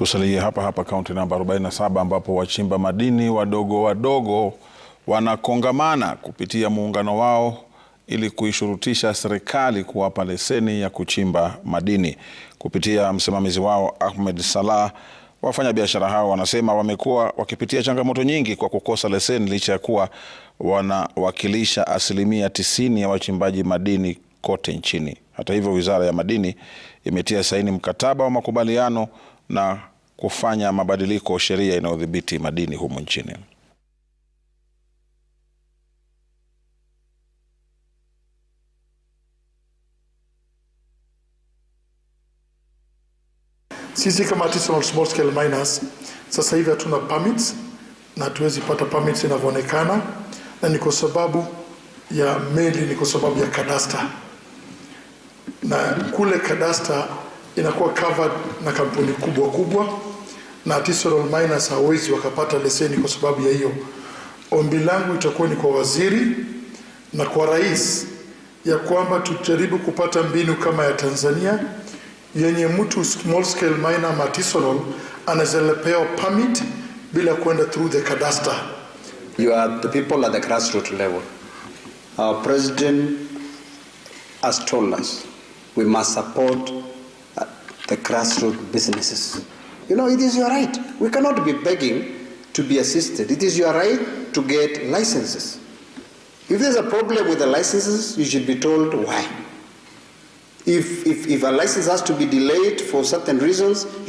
Tusalie hapa hapa kaunti namba 47 ambapo wachimba madini wadogo wadogo wanakongamana kupitia muungano wao ili kuishurutisha serikali kuwapa leseni ya kuchimba madini. Kupitia msimamizi wao Ahmed Salah, wafanyabiashara hao wanasema wamekuwa wakipitia changamoto nyingi kwa kukosa leseni licha ya kuwa wanawakilisha asilimia tisini ya wachimbaji madini kote nchini. Hata hivyo, Wizara ya Madini imetia saini mkataba wa makubaliano na kufanya mabadiliko sheria inayodhibiti madini humu nchini? Sisi kama artisanal small scale miners sasa hivi hatuna permits na hatuwezi pata permits inavyoonekana, na ni kwa sababu ya meli, ni kwa sababu ya kadasta, na kule kadasta inakuwa covered na kampuni kubwa kubwa na artisanal miners hawezi wakapata leseni kwa sababu ya hiyo. Ombi langu itakuwa ni kwa waziri na kwa rais ya kwamba tujaribu kupata mbinu kama ya Tanzania yenye mtu small scale miner artisanal anazelepewa permit bila kwenda through the cadastre. You are the people at the grassroots level. Our president has told us we must support uh, the grassroots businesses. You know, it is your right. We cannot be begging to be assisted. It is your right to get licenses. If there's a problem with the licenses, you should be told why. If, if, if a license has to be delayed for certain reasons,